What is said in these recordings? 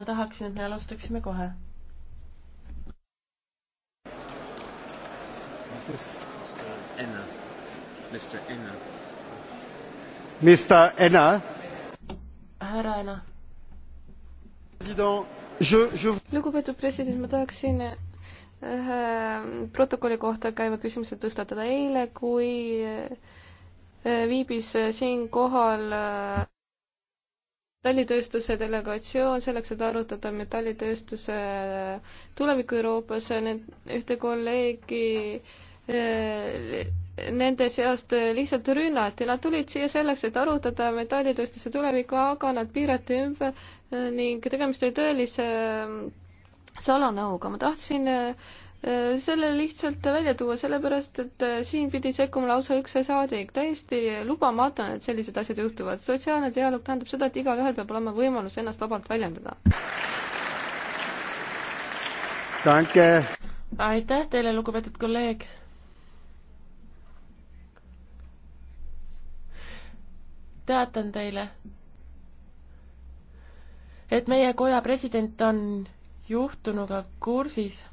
ma tahaksin, et me alustaksime kohe. Enna, Mr Enna. Mr Enna. härra Enna. lugupeetud president, ma tahaksin ühe äh, protokolli kohta käiva küsimuse tõstatada. eile, kui äh, viibis äh, siin kohal metallitööstuse delegatsioon selleks, et arutada metallitööstuse tulevikku Euroopas, need ühte kolleegi eh, nende seast lihtsalt rünnati, nad tulid siia selleks, et arutada metallitööstuse tulevikku, aga nad piirati ümber eh, ning tegemist oli tõelise eh, salanõuga, ma tahtsin äh, selle lihtsalt välja tuua, sellepärast et äh, siin pidi sekkuma lausa üks saadik. täiesti lubamatu on, et sellised asjad juhtuvad. sotsiaalne dialoog tähendab seda, et igalühel peab olema võimalus ennast vabalt väljendada. aitäh teile, lugupeetud kolleeg. teatan teile, et meie koja president on juhtunuga kursis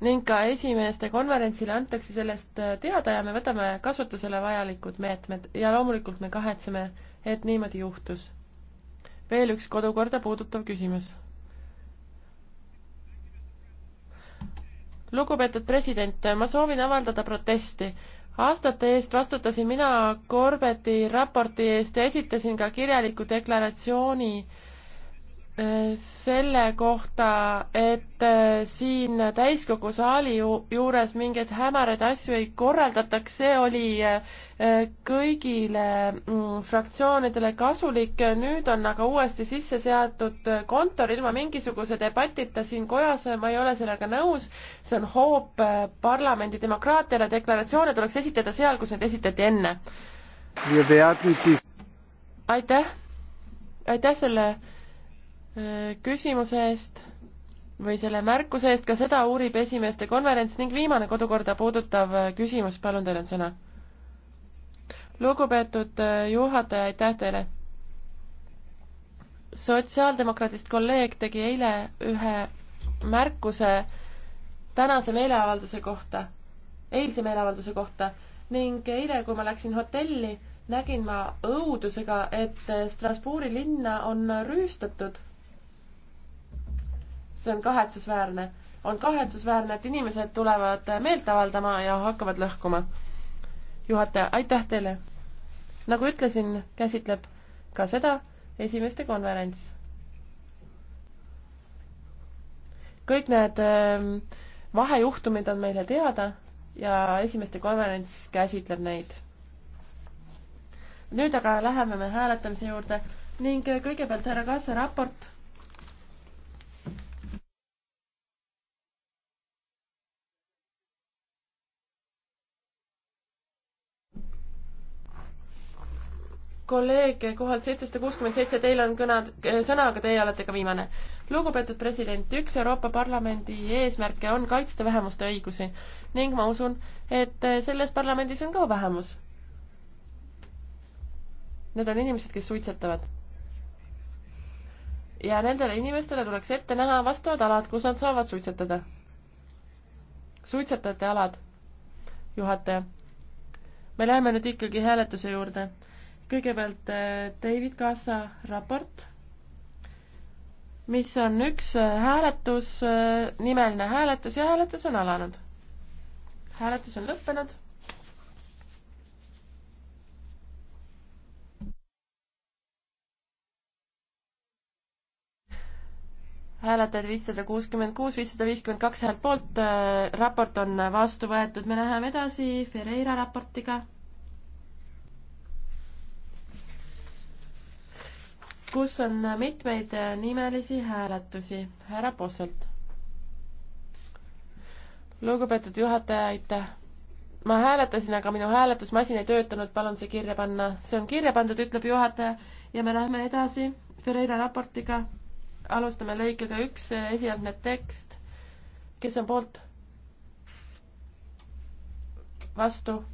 ning ka esimeeste konverentsile antakse sellest äh, teada ja me võtame kasutusele vajalikud meetmed ja loomulikult me kahetseme, et niimoodi juhtus. veel üks kodukorda puudutav küsimus. lugupeetud president, ma soovin avaldada protesti aastate eest vastutasin mina Corbeti raporti eest ja esitasin ka kirjaliku deklaratsiooni äh, selle kohta, et äh, siin täiskogu saali juures mingeid hämaraid asju ei korraldataks, see oli äh, kõigile mm, fraktsioonidele kasulik. nüüd on aga uuesti sisse seatud kontor ilma mingisuguse debatita siin kojas, ma ei ole sellega nõus. see on hoop äh, parlamendi demokraatiale, deklaratsioone tuleks esitada seal, kus need esitati enne. aitäh, aitäh selle küsimuse eest või selle märkuse eest, ka seda uurib esimeeste konverents ning viimane kodukorda puudutav küsimus, palun, teil on sõna. lugupeetud äh, juhataja, aitäh teile! sotsiaaldemokraadist kolleeg tegi eile ühe märkuse tänase meeleavalduse kohta, eilse meeleavalduse kohta ning eile, kui ma läksin hotelli, nägin ma õudusega, et Strasbourgi linna on rüüstatud see on kahetsusväärne. on kahetsusväärne, et inimesed tulevad meelt avaldama ja hakkavad lõhkuma. juhataja, aitäh teile! nagu ütlesin, käsitleb ka seda esimeste konverents. kõik need ähm, vahejuhtumid on meile teada ja esimeste konverents käsitleb neid. nüüd aga läheme me hääletamise juurde ning kõigepealt härra Kaasa raport kolleeg kohalt seitsesada kuuskümmend seitse, teil on kõnad, sõna, aga teie olete ka viimane. lugupeetud president, üks Euroopa Parlamendi eesmärke on kaitsta vähemuste õigusi ning ma usun, et selles parlamendis on ka vähemus. Need on inimesed, kes suitsetavad. ja nendele inimestele tuleks ette näha vastavad alad, kus nad saavad suitsetada. suitsetajate alad, juhataja. me läheme nüüd ikkagi hääletuse juurde kõigepealt äh, David Kaasa raport, mis on üks äh, hääletus, äh, nimeline hääletus ja hääletus on alanud. hääletus on lõppenud. hääletajad viissada kuuskümmend kuus, viissada viiskümmend kaks häält poolt, raport on vastu võetud, me läheme edasi Ferreira raportiga kus on mitmeid nimelisi hääletusi. härra Posselt. lugupeetud juhataja, aitäh. ma hääletasin, aga minu hääletusmasin ei töötanud, palun see kirja panna. see on kirja pandud, ütleb juhataja ja me lähme edasi Ferreira raportiga. alustame lõikega üks, esialgne tekst. kes on poolt? vastu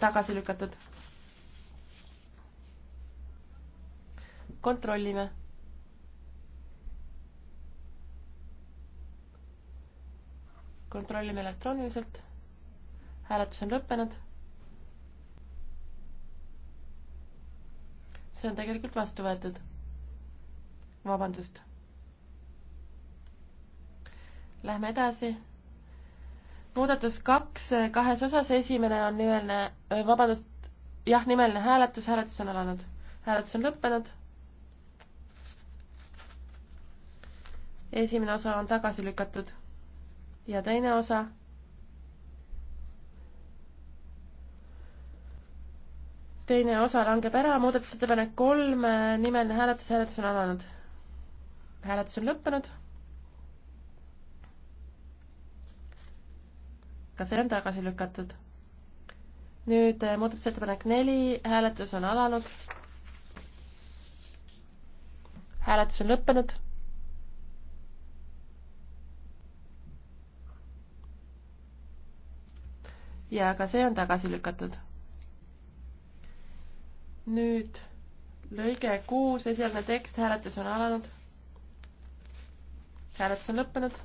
tagasi lükatud kontrollime. kontrollime elektrooniliselt. hääletus on lõppenud. see on tegelikult vastu võetud. vabandust. Lähme edasi muudatus kaks kahes osas, esimene on nimeline, vabandust, jah, nimeline hääletus, hääletus on alanud. hääletus on lõppenud. esimene osa on tagasi lükatud ja teine osa teine osa langeb ära, muudatusettepanek kolm, nimeline hääletus, hääletus on alanud. hääletus on lõppenud. ka see on tagasi lükatud. nüüd eh, muudatusettepanek neli, hääletus on alanud. hääletus on lõppenud ja ka see on tagasi lükatud. nüüd lõige kuus, esialgne tekst, hääletus on alanud. hääletus on lõppenud.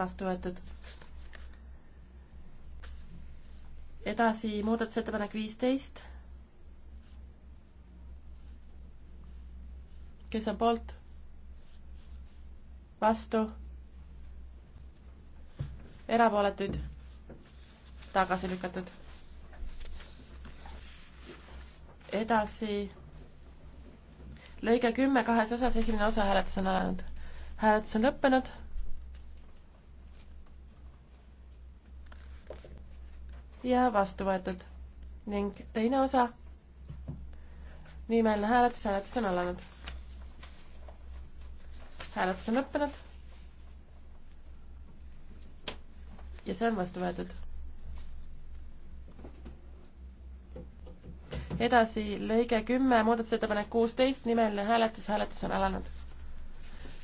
vastu võetud. edasi muudatusettepanek viisteist. kes on poolt? vastu, erapooletuid, tagasi lükatud. edasi, lõige kümme kahes osas, esimene osa hääletus on alanud. hääletus on lõppenud. ja vastu võetud ning teine osa, nimeline hääletus, hääletus on alanud hääletus on lõppenud. ja see on vastu võetud. edasi lõige kümme, muudatusettepanek kuusteist, nimeline hääletus, hääletus on alanud.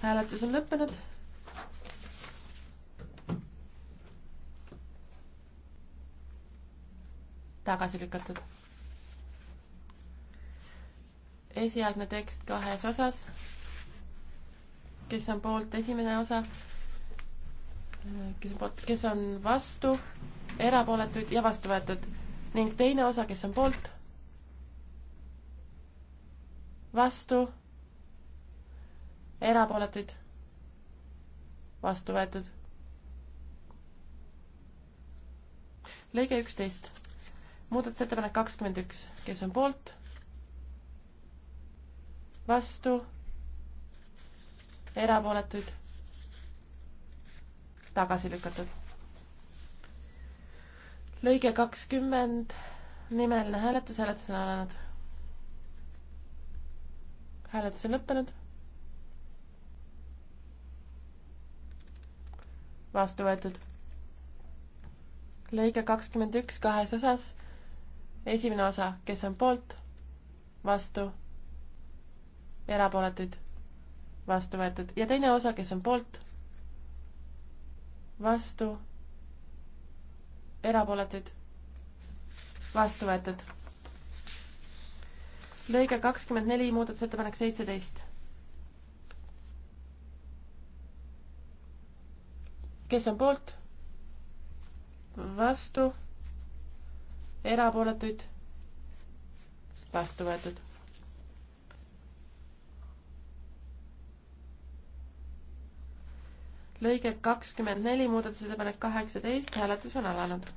hääletus on lõppenud tagasi lükatud. esialgne tekst kahes osas, kes on poolt, esimene osa, kes on poolt, kes on vastu, erapooletuid ja vastu võetud ning teine osa, kes on poolt, vastu, erapooletuid, vastu võetud. lõige üksteist, muudatusettepanek kakskümmend üks, kes on poolt, vastu erapooletuid, tagasi lükatud. lõige kakskümmend, nimeline hääletus, hääletus on alanud. hääletus on lõppenud. vastu võetud. lõige kakskümmend üks kahes osas. esimene osa, kes on poolt, vastu, erapooletuid vastu võetud ja teine osa, kes on poolt, vastu, erapooletuid, vastu võetud. lõige kakskümmend neli, muudatusettepanek seitseteist. kes on poolt, vastu, erapooletuid, vastu võetud lõige kakskümmend neli, muudatusettepanek kaheksateist, hääletus on alanud.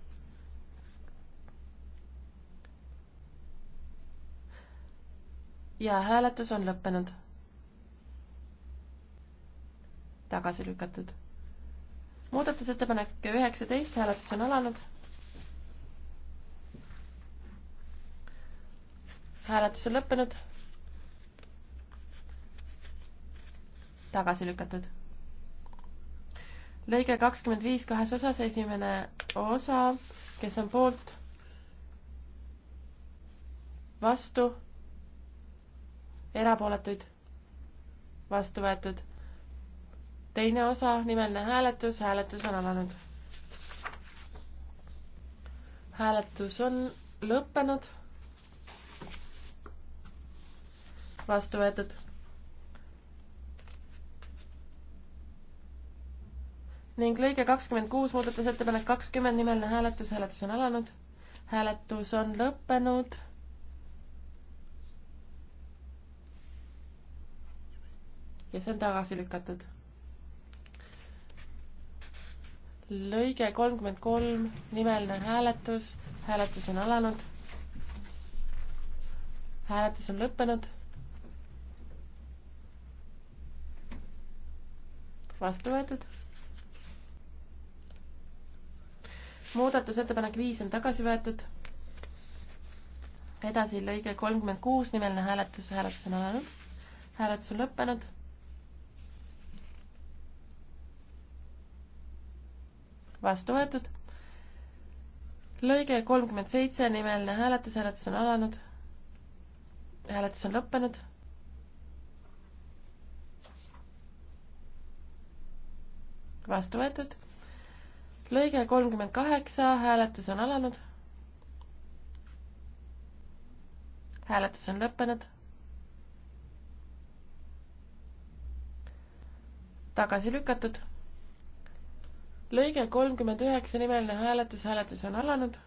ja hääletus on lõppenud. tagasi lükatud. muudatusettepanek üheksateist, hääletus on alanud. hääletus on lõppenud. tagasi lükatud lõige kakskümmend viis kahes osas, esimene osa, kes on poolt, vastu, erapooletuid, vastu võetud. teine osa, nimeline hääletus, hääletus on alanud. hääletus on lõppenud, vastu võetud ning lõige kakskümmend kuus, muudatusettepanek kakskümmend, nimeline hääletus, hääletus on alanud. hääletus on lõppenud. ja see on tagasi lükatud. lõige kolmkümmend kolm, nimeline hääletus, hääletus on alanud. hääletus on lõppenud. vastu võetud muudatusettepanek viis on tagasi võetud. edasi lõige kolmkümmend kuus, nimeline hääletus, hääletus on alanud, hääletus on lõppenud. vastu võetud. lõige kolmkümmend seitse, nimeline hääletus, hääletus on alanud, hääletus on lõppenud vastu võetud lõige kolmkümmend kaheksa, hääletus on alanud. hääletus on lõppenud. tagasi lükatud. lõige kolmkümmend üheksa nimeline hääletus, hääletus on alanud.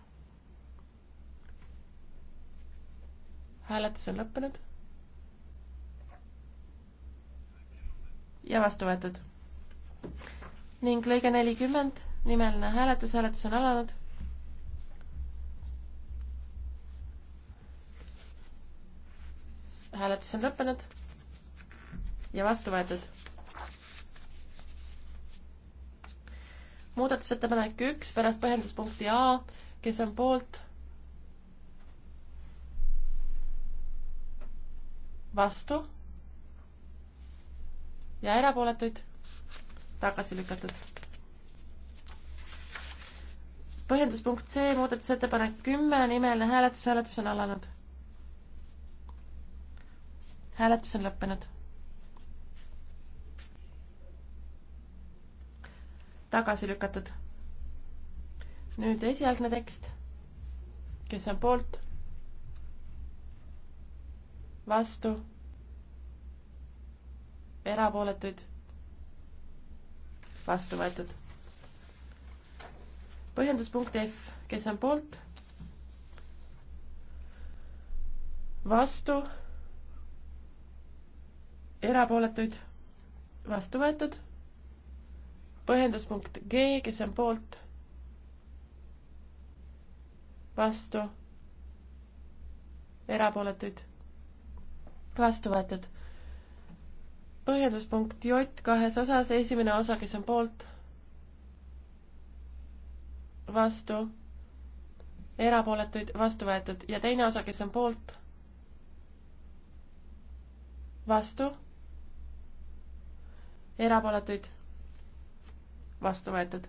hääletus on lõppenud. ja vastu võetud. ning lõige nelikümmend nimeline hääletus, hääletus on alanud. hääletus on lõppenud ja vastu võetud. muudatusettepanek üks pärast põhjenduspunkti A, kes on poolt? vastu? ja erapooletuid? tagasi lükatud põhjenduspunkt C, muudatusettepanek kümme, nimeline hääletus, hääletus on alanud. hääletus on lõppenud. tagasi lükatud. nüüd esialgne tekst. kes on poolt? vastu? erapooletuid? vastu võetud põhjenduspunkt F, kes on poolt? vastu? erapooletuid? vastu võetud? põhjenduspunkt G, kes on poolt? vastu? erapooletuid? vastu võetud. põhjenduspunkt J kahes osas, esimene osa, kes on poolt? vastu, erapooletuid vastu võetud ja teine osa, kes on poolt, vastu, erapooletuid vastu võetud.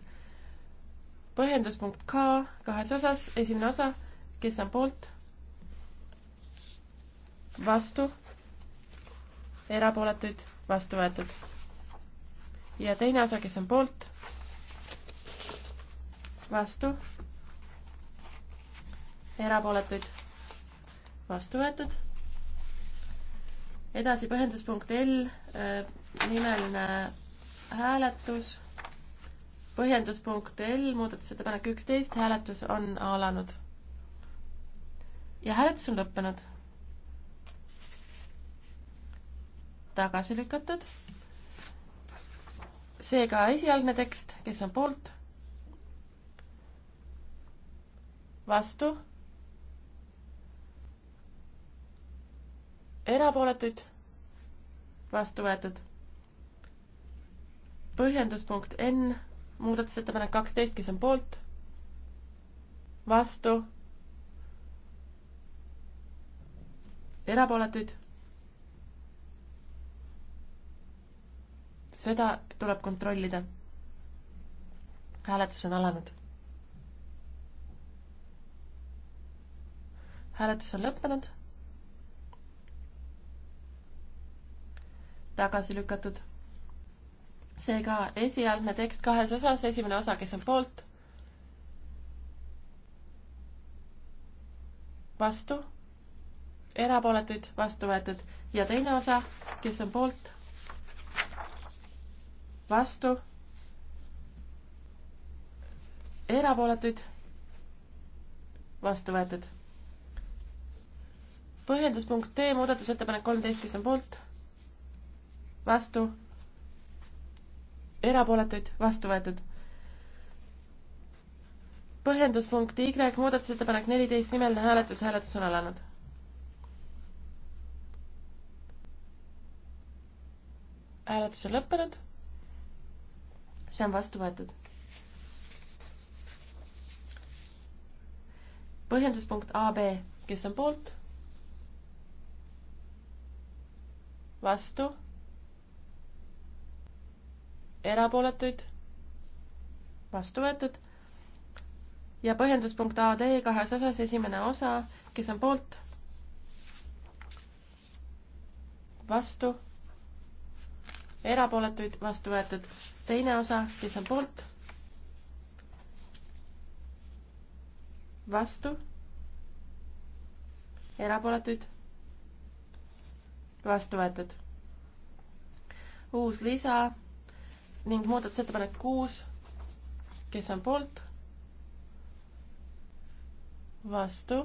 põhjenduspunkt K kahes osas, esimene osa, kes on poolt, vastu, erapooletuid vastu võetud. ja teine osa, kes on poolt vastu, erapooletuid, vastu võetud. edasi põhjenduspunkt L, äh, nimeline hääletus. põhjenduspunkt L, muudatusettepanek üksteist, hääletus on alanud. ja hääletus on lõppenud. tagasi lükatud seega esialgne tekst, kes on poolt, vastu, erapooletuid, vastu võetud. põhjenduspunkt N, muudatusettepanek kaksteist, kes on poolt, vastu, erapooletuid. seda tuleb kontrollida. hääletus on alanud hääletus on lõppenud. tagasi lükatud. seega esialgne tekst kahes osas, esimene osa, kes on poolt, vastu, erapooletuid vastu võetud ja teine osa, kes on poolt, vastu, erapooletuid vastu võetud põhjenduspunkt D, muudatusettepanek kolmteist, kes on poolt? vastu? erapooletuid? vastu võetud. põhjenduspunkt Y, muudatusettepanek neliteist, nimeline hääletus, hääletus on alanud. hääletus on lõppenud. see on vastu võetud. põhjenduspunkt AB, kes on poolt? vastu, erapooletuid, vastu võetud ja põhjenduspunkt AD kahes osas, esimene osa, kes on poolt, vastu, erapooletuid, vastu võetud, teine osa, kes on poolt, vastu, erapooletuid vastu võetud. uus lisa ning muudatusettepanek kuus, kes on poolt? vastu.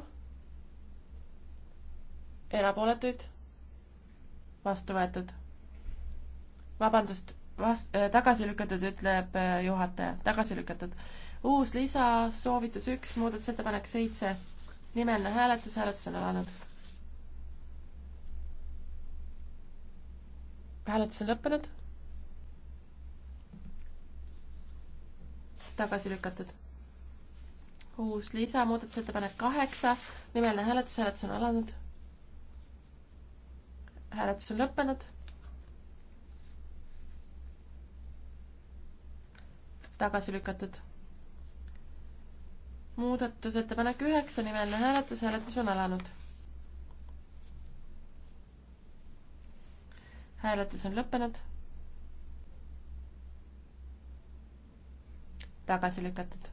erapooletuid? vastu võetud. vabandust, vas-, äh, tagasi lükatud, ütleb äh, juhataja, tagasi lükatud. uus lisa, soovitus üks, muudatusettepanek seitse. nimeline hääletus, hääletus on alanud hääletus on lõppenud. tagasi lükatud. uus lisa, muudatusettepanek kaheksa, nimeline hääletus, hääletus on alanud. hääletus on lõppenud. tagasi lükatud. muudatusettepanek üheksa, nimeline hääletus, hääletus on alanud hääletus on lõppenud. tagasi lükatud.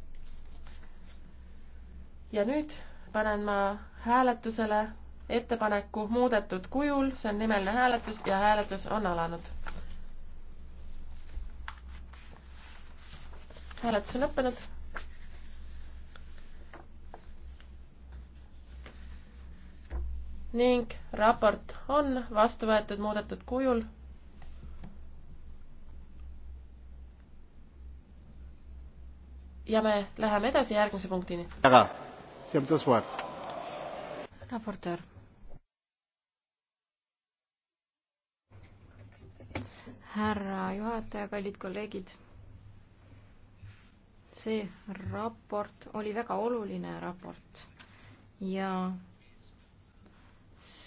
ja nüüd panen ma hääletusele ettepaneku muudetud kujul, see on nimeline hääletus ja hääletus on alanud. hääletus on lõppenud ning raport on vastu võetud muudetud kujul. ja me läheme edasi järgmise punktini. väga, see on tõus vajab. raportöör. härra juhataja, kallid kolleegid. see raport oli väga oluline raport ja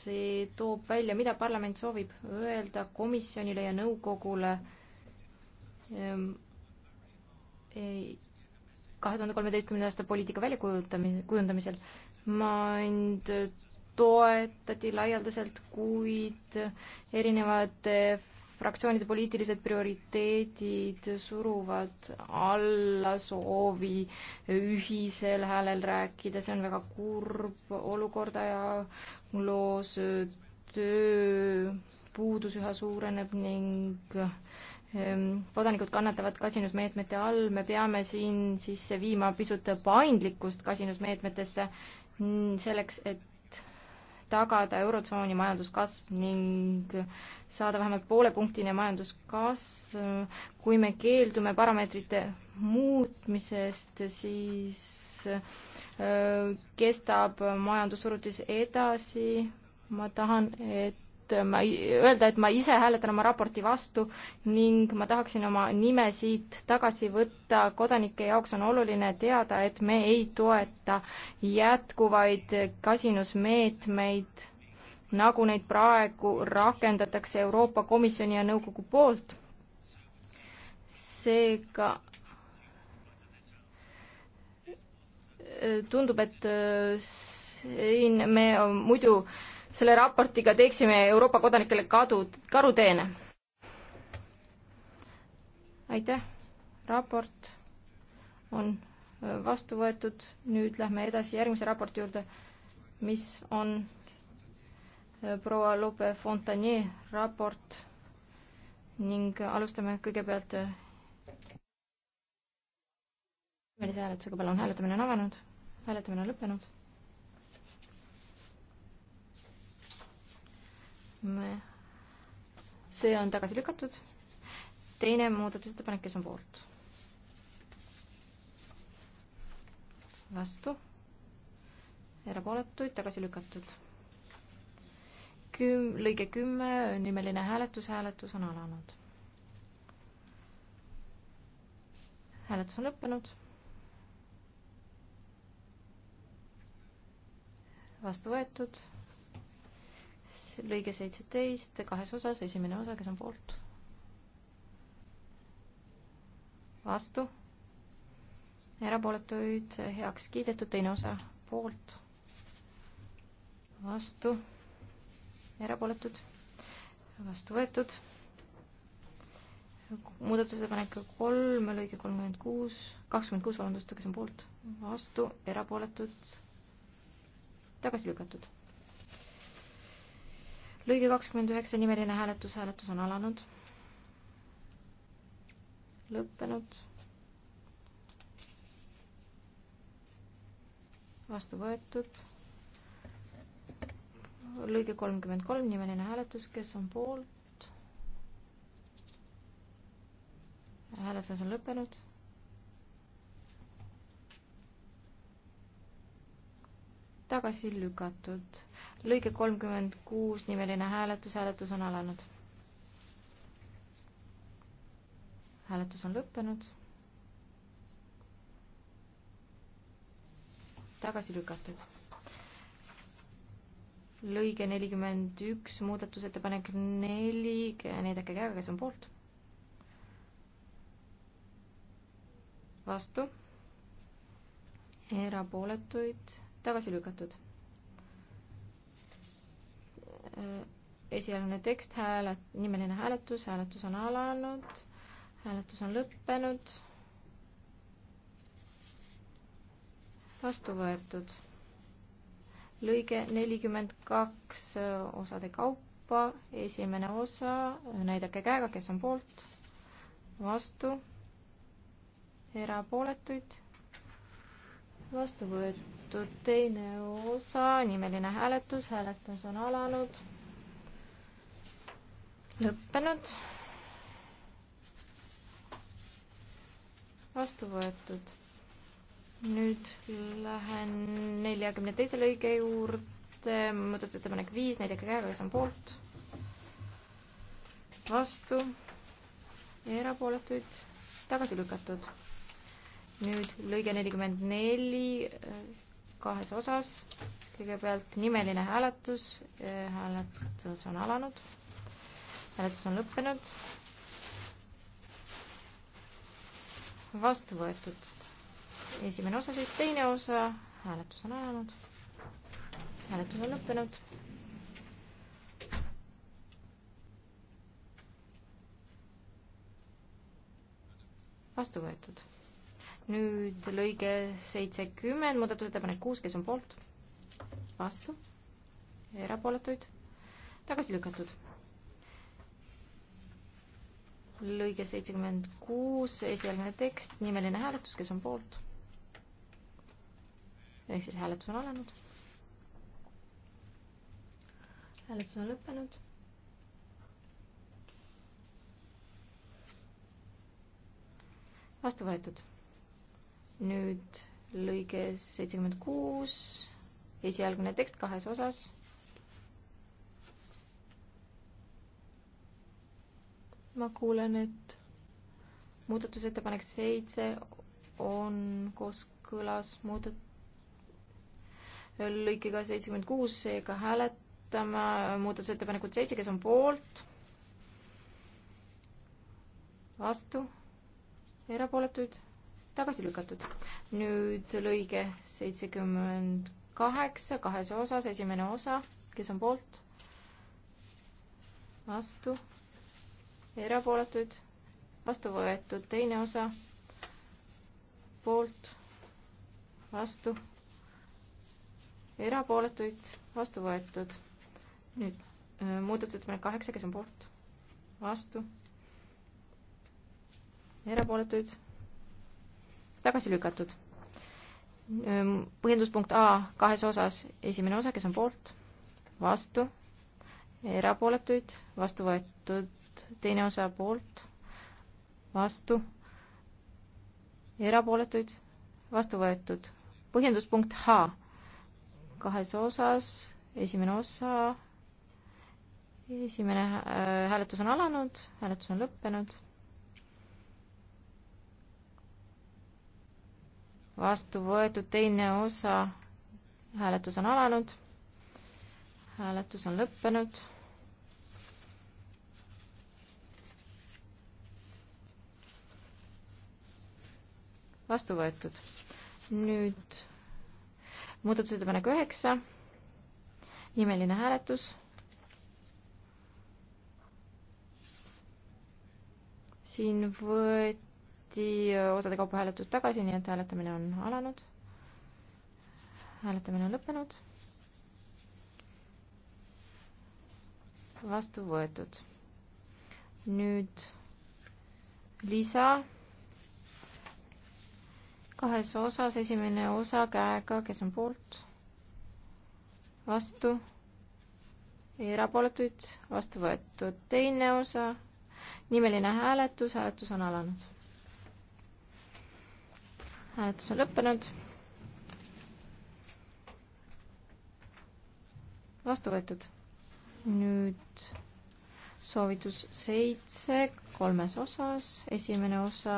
edasi toob välja, mida parlament soovib öelda komisjonile ja nõukogule ehm, kahe tuhande kolmeteistkümnenda aasta poliitika väljakujundamise, kujundamisel. mind toetati laialdaselt, kuid erinevate fraktsioonide poliitilised prioriteedid suruvad alla soovi ühisel häälel rääkida, see on väga kurb olukorda ja loos tööpuudus üha suureneb ning ehm, kodanikud kannatavad kasinusmeetmete all, me peame siin sisse viima pisut paindlikkust kasinusmeetmetesse selleks, et tagada Eurotsooni majanduskasv ning saada vähemalt poolepunktine majanduskasv. kui me keeldume parameetrite muutmisest, siis äh, kestab majandussurutis edasi. ma tahan, et ma, öelda, et ma ise hääletan oma raporti vastu ning ma tahaksin oma nime siit tagasi võtta. kodanike jaoks on oluline teada, et me ei toeta jätkuvaid kasinusmeetmeid, nagu neid praegu rakendatakse Euroopa Komisjoni ja nõukogu poolt. seega tundub, et äh, siin me muidu äh, selle raportiga teeksime Euroopa kodanikele kadu, karuteene. aitäh, raport on äh, vastu võetud, nüüd lähme edasi järgmise raporti juurde, mis on äh, proua Lope Fontanier raport ning alustame kõigepealt äh, hääletusega, palun, hääletamine on avanud, hääletamine on lõppenud see on tagasi lükatud. teine muudatusettepanek, kes on poolt? vastu, erapooletuid tagasi lükatud. Küm-, lõige kümme, nimeline hääletus, hääletus on alanud. hääletus on lõppenud. vastu võetud lõige seitseteist kahes osas, esimene osa, kes on poolt? vastu? erapooletuid heaks kiidetud, teine osa poolt? vastu? erapooletud? vastu võetud? muudatusettepanek kolm, lõige kolmkümmend kuus, kakskümmend kuus, vabandust, kes on poolt? vastu? erapooletud? tagasi lükatud lõige kakskümmend üheksa nimeline hääletus, hääletus on alanud. lõppenud. vastu võetud. lõige kolmkümmend kolm nimeline hääletus, kes on poolt? hääletus on lõppenud. tagasi lükatud lõige kolmkümmend kuus nimeline hääletus, hääletus on alanud. hääletus on lõppenud. tagasi lükatud. lõige nelikümmend üks, muudatusettepanek neli, näidake käega, kes on poolt. vastu. erapooletuid tagasi lükatud Äh, esialgne tekst, hääle, nimeline hääletus, hääletus on alanud, hääletus on lõppenud. vastu võetud. lõige nelikümmend kaks äh, osade kaupa, esimene osa, äh, näidake käega, kes on poolt, vastu, erapooletuid vastu võetud teine osa, nimeline hääletus, hääletus on alanud, lõppenud, vastu võetud. nüüd lähen neljakümne teise lõige juurde, muudatusettepanek viis, näidake käega, kes on poolt, vastu ja erapooletuid tagasi lükatud nüüd lõige nelikümmend neli äh, kahes osas. kõigepealt nimeline hääletus, äh, hääletus on alanud, hääletus on lõppenud. vastu võetud esimene osa, siis teine osa, hääletus on alanud, hääletus on lõppenud. vastu võetud nüüd lõige seitsekümmend, muudatusettepanek kuus, kes on poolt? vastu? erapooletuid? tagasi lükatud. lõige seitsekümmend kuus, esialgne tekst, nimeline hääletus, kes on poolt? ehk siis hääletus on alanud. hääletus on lõppenud vastu võetud nüüd lõige seitsekümmend kuus, esialgne tekst kahes osas. ma kuulen, et muudatusettepanek seitse on kooskõlas muudat-, lõikega seitsekümmend kuus, seega hääletame muudatusettepanekut seitse, kes on poolt, vastu, erapooletuid tagasi lükatud. nüüd lõige seitsekümmend kaheksa kahes osas, esimene osa, kes on poolt? vastu, erapooletuid, vastu võetud, teine osa, poolt, vastu, erapooletuid, vastu võetud. nüüd äh, muudatusettepanek kaheksa, kes on poolt, vastu, erapooletuid tagasi lükatud. Ehm, põhjenduspunkt A kahes osas, esimene osa, kes on poolt, vastu, erapooletuid, vastu võetud, teine osa poolt, vastu, erapooletuid, vastu võetud. põhjenduspunkt H kahes osas, esimene osa, esimene äh, hääletus on alanud, hääletus on lõppenud vastu võetud teine osa, hääletus on alanud, hääletus on lõppenud. vastu võetud. nüüd muudatusettepanek üheksa, nimeline hääletus. siin võeti lükati äh, osade kaupa hääletus tagasi, nii et hääletamine on alanud. hääletamine on lõppenud. vastu võetud. nüüd lisa kahes osas, esimene osa käega, kes on poolt, vastu, erapooletuid, vastu võetud, teine osa, nimeline hääletus, hääletus on alanud hääletus on lõppenud. vastu võetud. nüüd soovitus seitse kolmes osas, esimene osa,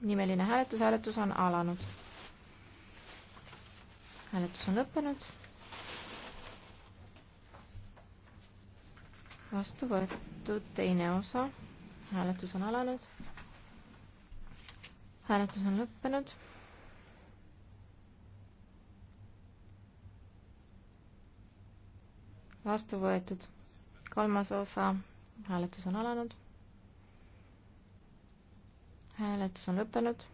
nimeline hääletus, hääletus on alanud. hääletus on lõppenud. vastu võetud teine osa, hääletus on alanud hääletus on lõppenud. vastu võetud. kolmas osa, hääletus on alanud. hääletus on lõppenud.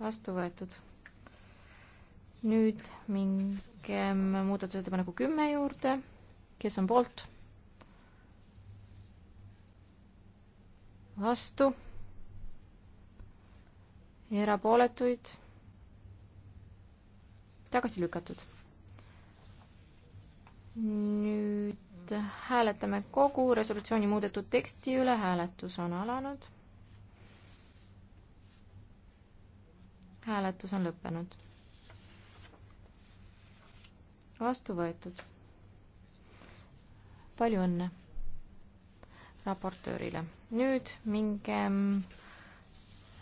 vastu võetud. nüüd mingem muudatusettepaneku kümme juurde, kes on poolt vastu, erapooletuid, tagasi lükatud. nüüd hääletame kogu resolutsiooni muudetud teksti üle, hääletus on alanud. hääletus on lõppenud. vastu võetud. palju õnne raportöörile nüüd mingem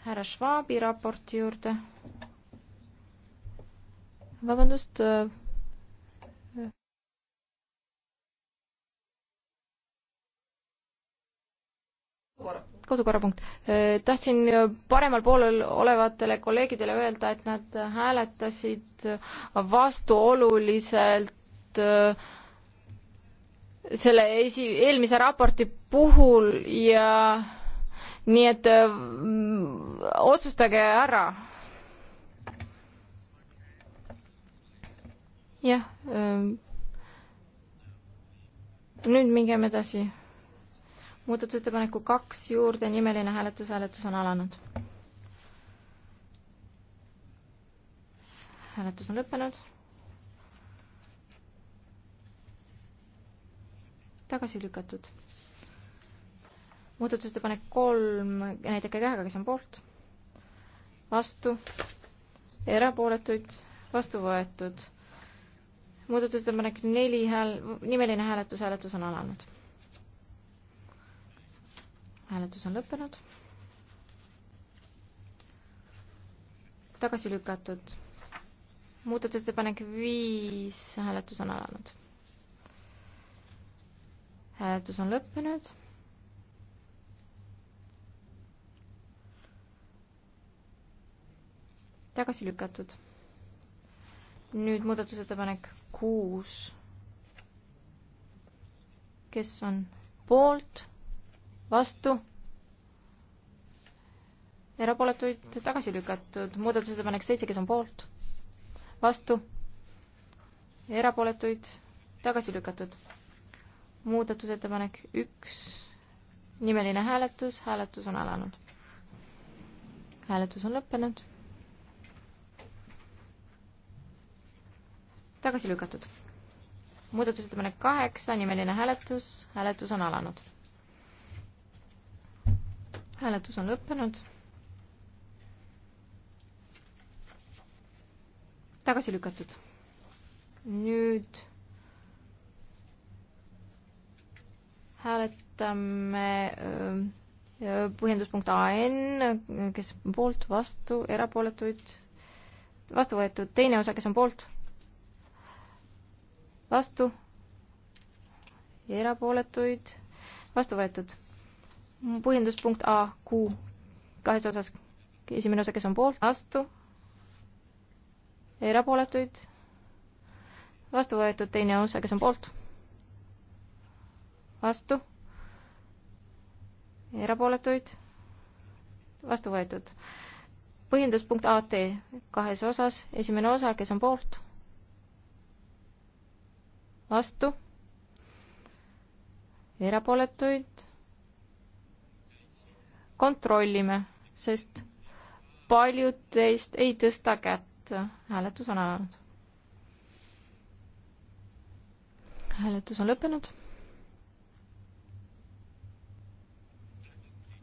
härra Schwabi raporti juurde. vabandust. Äh, kodukorrapunkt. Äh, tahtsin paremal poolel olevatele kolleegidele öelda, et nad hääletasid vastuoluliselt äh, selle esi, eelmise raporti puhul ja nii et öö, mm, otsustage ära. jah. Ähm, nüüd mingem edasi. muudatusettepaneku kaks juurde nimeline hääletus, hääletus on alanud. hääletus on lõppenud tagasi lükatud. muudatusettepanek kolm, näidake käega, kes on poolt, vastu, erapooletuid, vastu võetud. muudatusettepanek neli hääl, nimeline hääletus, hääletus on alanud. hääletus on lõppenud. tagasi lükatud muudatusettepanek viis, hääletus on alanud hääletus on lõppenud. tagasi lükatud. nüüd muudatusettepanek kuus. kes on poolt, vastu? erapooletuid tagasi lükatud, muudatusettepanek seitse, kes on poolt, vastu, erapooletuid tagasi lükatud muudatusettepanek üks, nimeline hääletus, hääletus on alanud. hääletus on lõppenud. tagasi lükatud. muudatusettepanek kaheksa, nimeline hääletus, hääletus on alanud. hääletus on lõppenud. tagasi lükatud. nüüd hääletame põhjenduspunkt AN, kes poolt, vastu, erapooletuid, vastu võetud, teine osa, kes on poolt, vastu, erapooletuid, vastu võetud. põhjenduspunkt AQ kahes osas, esimene osa, kes on poolt, vastu, erapooletuid, vastu võetud, teine osa, kes on poolt vastu, erapooletuid, vastu võetud. põhjenduspunkt AT kahes osas, esimene osa, kes on poolt, vastu, erapooletuid, kontrollime, sest paljud teist ei tõsta kätt, hääletus on alanud. hääletus on lõppenud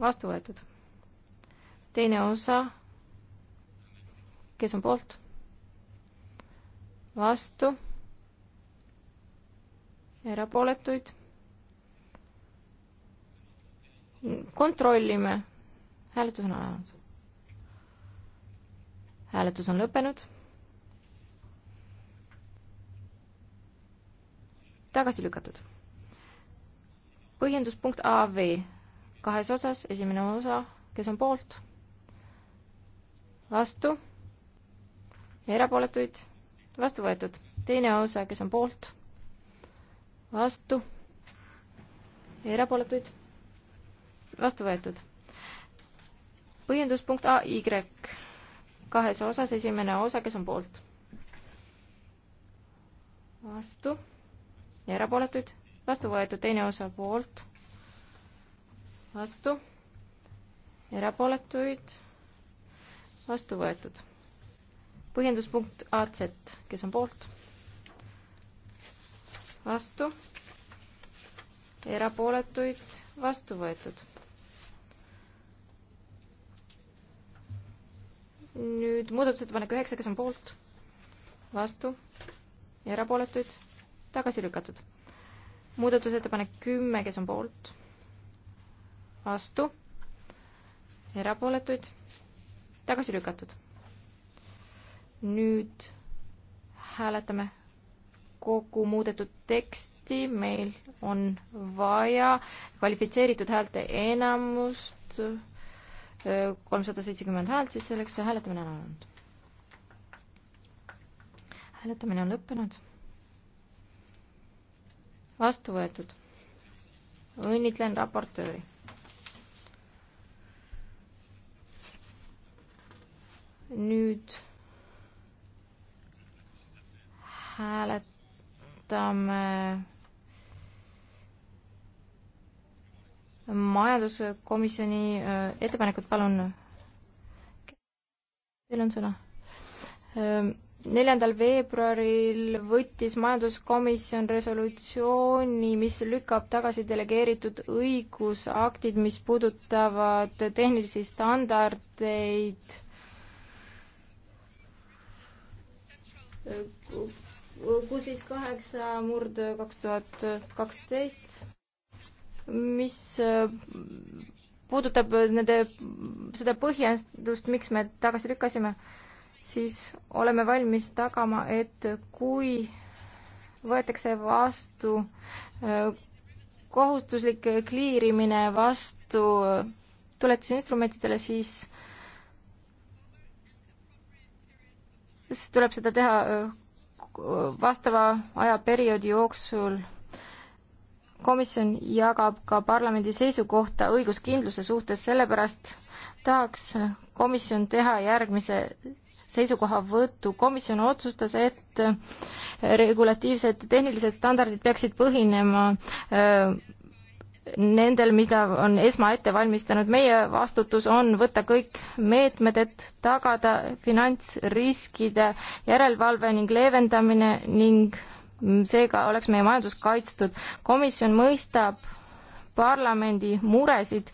vastu võetud. teine osa, kes on poolt? vastu. erapooletuid. kontrollime. hääletus on alanud. hääletus on lõppenud. tagasi lükatud. põhjenduspunkt AV kahes osas, esimene osa, kes on poolt, vastu ja erapooletuid, vastu võetud. teine osa, kes on poolt, vastu ja erapooletuid, vastu võetud. põhjenduspunkt AY kahes osas, esimene osa, kes on poolt, vastu ja erapooletuid, vastu võetud, teine osa poolt vastu, erapooletuid, vastu võetud. põhjenduspunkt AZ, kes on poolt, vastu, erapooletuid, vastu võetud. nüüd muudatusettepanek üheksa, kes on poolt, vastu, erapooletuid, tagasi lükatud muudatusettepanek kümme, kes on poolt, vastu, erapooletuid, tagasi lükatud. nüüd hääletame kogu muudetud teksti, meil on vaja kvalifitseeritud häälte enamust, kolmsada seitsekümmend häält, siis selleks see hääletamine on alanud. hääletamine on lõppenud. vastu võetud. õnnitlen raportööri nüüd hääletame majanduskomisjoni äh, ettepanekut, palun. Teil on sõna. Ähm, neljandal veebruaril võttis majanduskomisjon resolutsiooni, mis lükkab tagasi delegeeritud õigusaktid, mis puudutavad tehnilisi standardeid kuus viis kaheksa murd kaks tuhat kaksteist, mis äh, puudutab nende, seda põhjendust, miks me tagasi lükkasime, siis oleme valmis tagama, et kui võetakse vastu äh, kohustuslik kliirimine vastu äh, tuletisinstrumentidele, siis siis tuleb seda teha äh, vastava ajaperioodi jooksul. komisjon jagab ka parlamendi seisukohta õiguskindluse suhtes, sellepärast tahaks komisjon teha järgmise seisukohavõttu. komisjon otsustas, et regulatiivsed tehnilised standardid peaksid põhinema öö, äh, nendel, mida on esma ette valmistanud, meie vastutus on võtta kõik meetmed, et tagada finantsriskide järelevalve ning leevendamine ning seega oleks meie majandus kaitstud. komisjon mõistab parlamendi muresid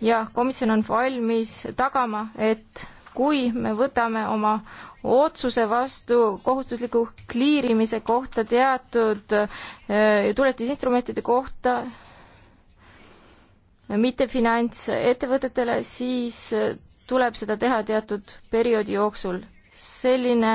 ja komisjon on valmis tagama, et kui me võtame oma otsuse vastu kohustusliku kliirimise kohta teatud eh, tuletisinstrumentide kohta, mittefinantsettevõtetele, siis tuleb seda teha teatud perioodi jooksul. selline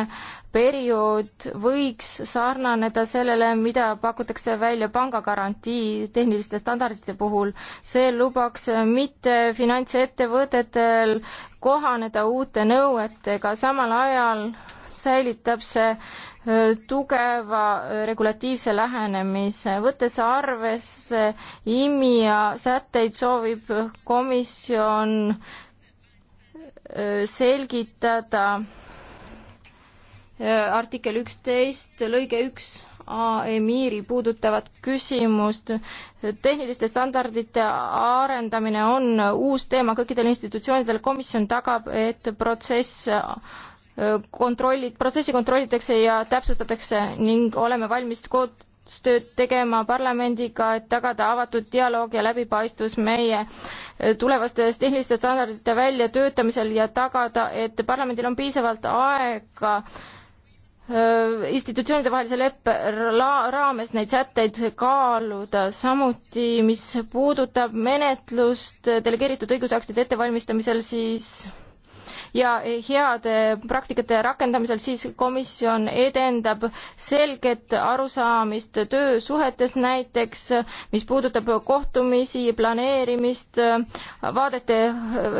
periood võiks sarnaneda sellele, mida pakutakse välja pangagarantii tehniliste standardite puhul. see lubaks mittefinantsettevõtetel kohaneda uute nõuetega, samal ajal säilitab see tugeva regulatiivse lähenemise. võttes arvesse IMIA sätteid, soovib komisjon äh, selgitada äh, artikkel üksteist lõige üks AEMIR-i puudutavat küsimust. tehniliste standardite arendamine on uus teema kõikidel institutsioonidel, komisjon tagab, et protsess kontrollid, protsessi kontrollitakse ja täpsustatakse ning oleme valmis koostööd tegema parlamendiga, et tagada avatud dialoog ja läbipaistvus meie eh, tulevastes tehniliste standardite väljatöötamisel ja tagada, et parlamendil on piisavalt aega eh, institutsioonide vahelise leppe raames neid sätteid kaaluda, samuti mis puudutab menetlust delegeeritud õigusaktide ettevalmistamisel, siis ja heade praktikate rakendamisel, siis komisjon edendab selget arusaamist töösuhetes näiteks, mis puudutab kohtumisi, planeerimist, vaadete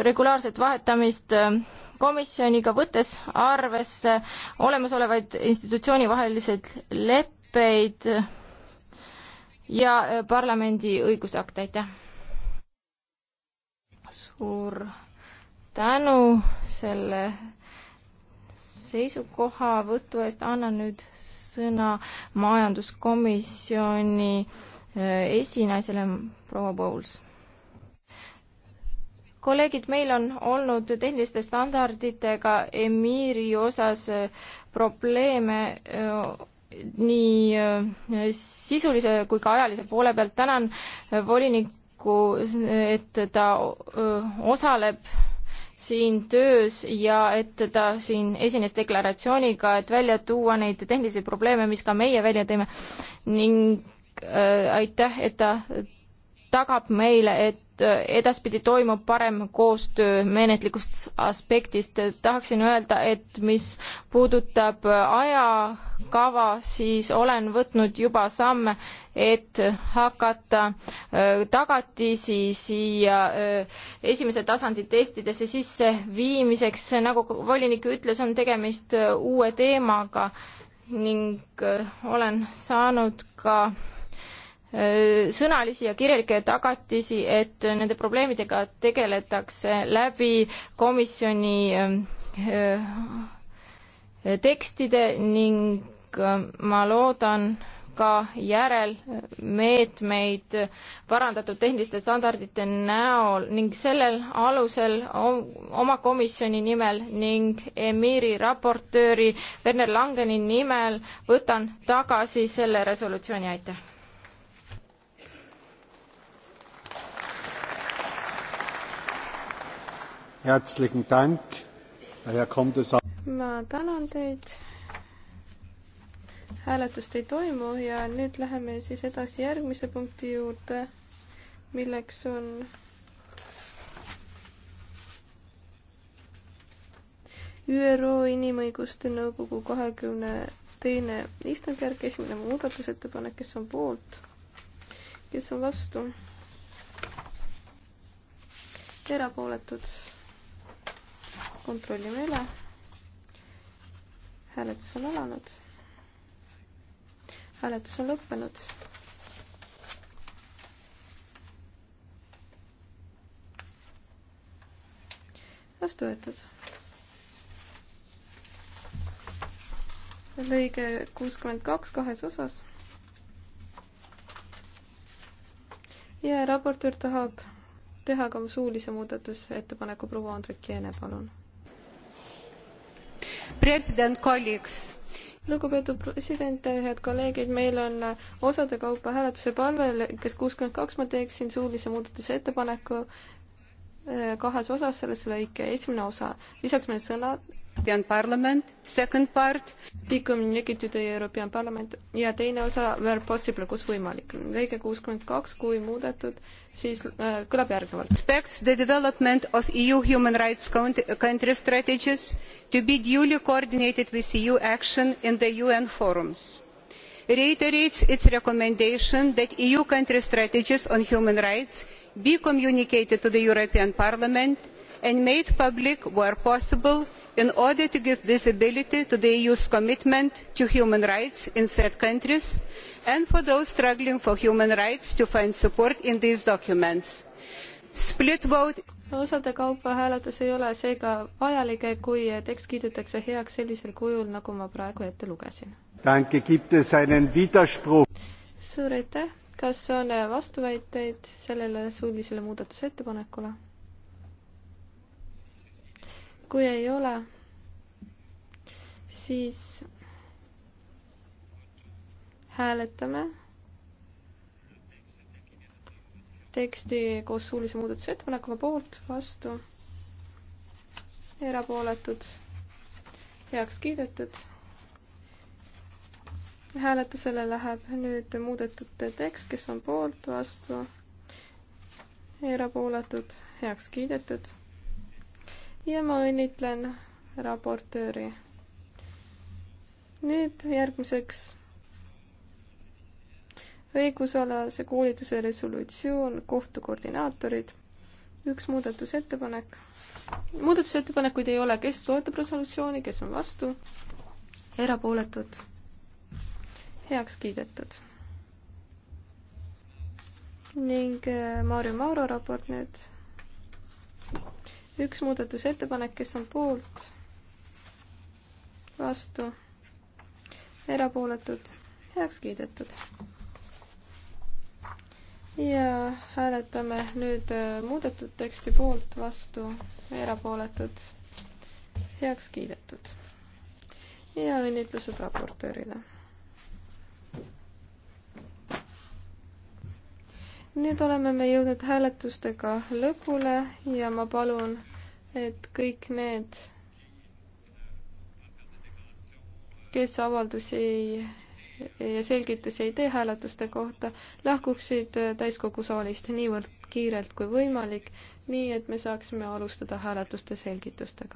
regulaarset vahetamist komisjoniga, võttes arvesse olemasolevaid institutsioonivahelised leppeid ja parlamendi õigusakte, aitäh! suur tänu selle seisukohavõtu eest, annan nüüd sõna majanduskomisjoni eh, esinaisele proua Pouls. kolleegid, meil on olnud tehniliste standarditega emiiri osas eh, probleeme eh, nii sisulise kui ka ajalise poole pealt. tänan volinikku, et ta osaleb siin töös ja et ta siin esines deklaratsiooniga, et välja tuua neid tehnilisi probleeme, mis ka meie välja tõime ning äh, aitäh, et ta tagab meile, et äh, edaspidi toimub parem koostöö menetlikust aspektist. tahaksin öelda, et mis puudutab äh, ajakava, siis olen võtnud juba samme, et hakata äh, tagatisi siia esimese tasandi testidesse sisse viimiseks. nagu volinik ütles, on tegemist uue teemaga ning olen saanud ka Äh, sõnalisi ja kirjalikke tagatisi, et nende probleemidega tegeletakse läbi komisjoni ähm, äh, tekstide ning ähm, ma loodan ka järelmeetmeid parandatud tehniliste standardite näol ning sellel alusel oma komisjoni nimel ning EMIR-i raportööri Werner Langeni nimel võtan tagasi selle resolutsiooni, aitäh! ma tänan teid. hääletust ei toimu ja nüüd läheme siis edasi järgmise punkti juurde, milleks on ÜRO Inimõiguste Nõukogu kahekümne teine istungjärk, esimene muudatusettepanek, kes on poolt, kes on vastu, erapooletud kontrollime üle. hääletus on alanud. hääletus on lõppenud. vastu võetud. lõige kuuskümmend kaks kahes osas. ja raportöör tahab teha ka suulise muudatusettepaneku proua Andrek Jeene, palun president, colleagues lugupeetud president, head kolleegid, meil on osade kaupa hääletuse palvel, kes kuuskümmend kaks, ma teeksin suulise muudatusettepaneku eh, kahes osas sellesse lõike, esimene osa, lisaks meil sõnad European Parliament, second part. Be communicated to the European Parliament ja teine osa where possible, kus võimalik. lõige kuuskümmend kaks, kui muudetud, siis äh, kõlab järgnevalt. Expects the development of EU human rights country strategies to be duly coordinated with EU action in the UN forums reiterates its recommendation that eu country strategies on human rights be communicated to the european parliament and made public where possible in order to give visibility to the eu's commitment to human rights in third countries and for those struggling for human rights to find support in these documents. split vote osade kaupa hääletus ei ole seega vajalik, kui tekst kiidetakse heaks sellisel kujul, nagu ma praegu ette lugesin. suur aitäh, kas on vastuväiteid sellele suulisele muudatusettepanekule? kui ei ole, siis hääletame teksti koos suulise muudatusettepanekuga poolt, vastu, erapooletud, heaks kiidetud. hääletusele läheb nüüd muudetud tekst, kes on poolt, vastu, erapooletud, heaks kiidetud ja ma õnnitlen raportööri. nüüd järgmiseks õigusalase koolituse resolutsioon, kohtukoordinaatorid, üks muudatusettepanek. muudatusettepanekuid ei ole, kes toetab resolutsiooni, kes on vastu, erapooletud, heaks kiidetud ning äh, Maarja Mauro raport nüüd üks muudatusettepanek, kes on poolt, vastu, erapooletud, heaks kiidetud. ja hääletame nüüd äh, muudetud teksti poolt, vastu, erapooletud, heaks kiidetud. ja õnnitlused raportöörile nüüd oleme me jõudnud hääletustega lõpule ja ma palun et kõik need, kes avaldusi ja selgitusi ei tee hääletuste kohta, lahkuksid täiskogu saalist niivõrd kiirelt kui võimalik, nii et me saaksime alustada hääletuste selgitustega.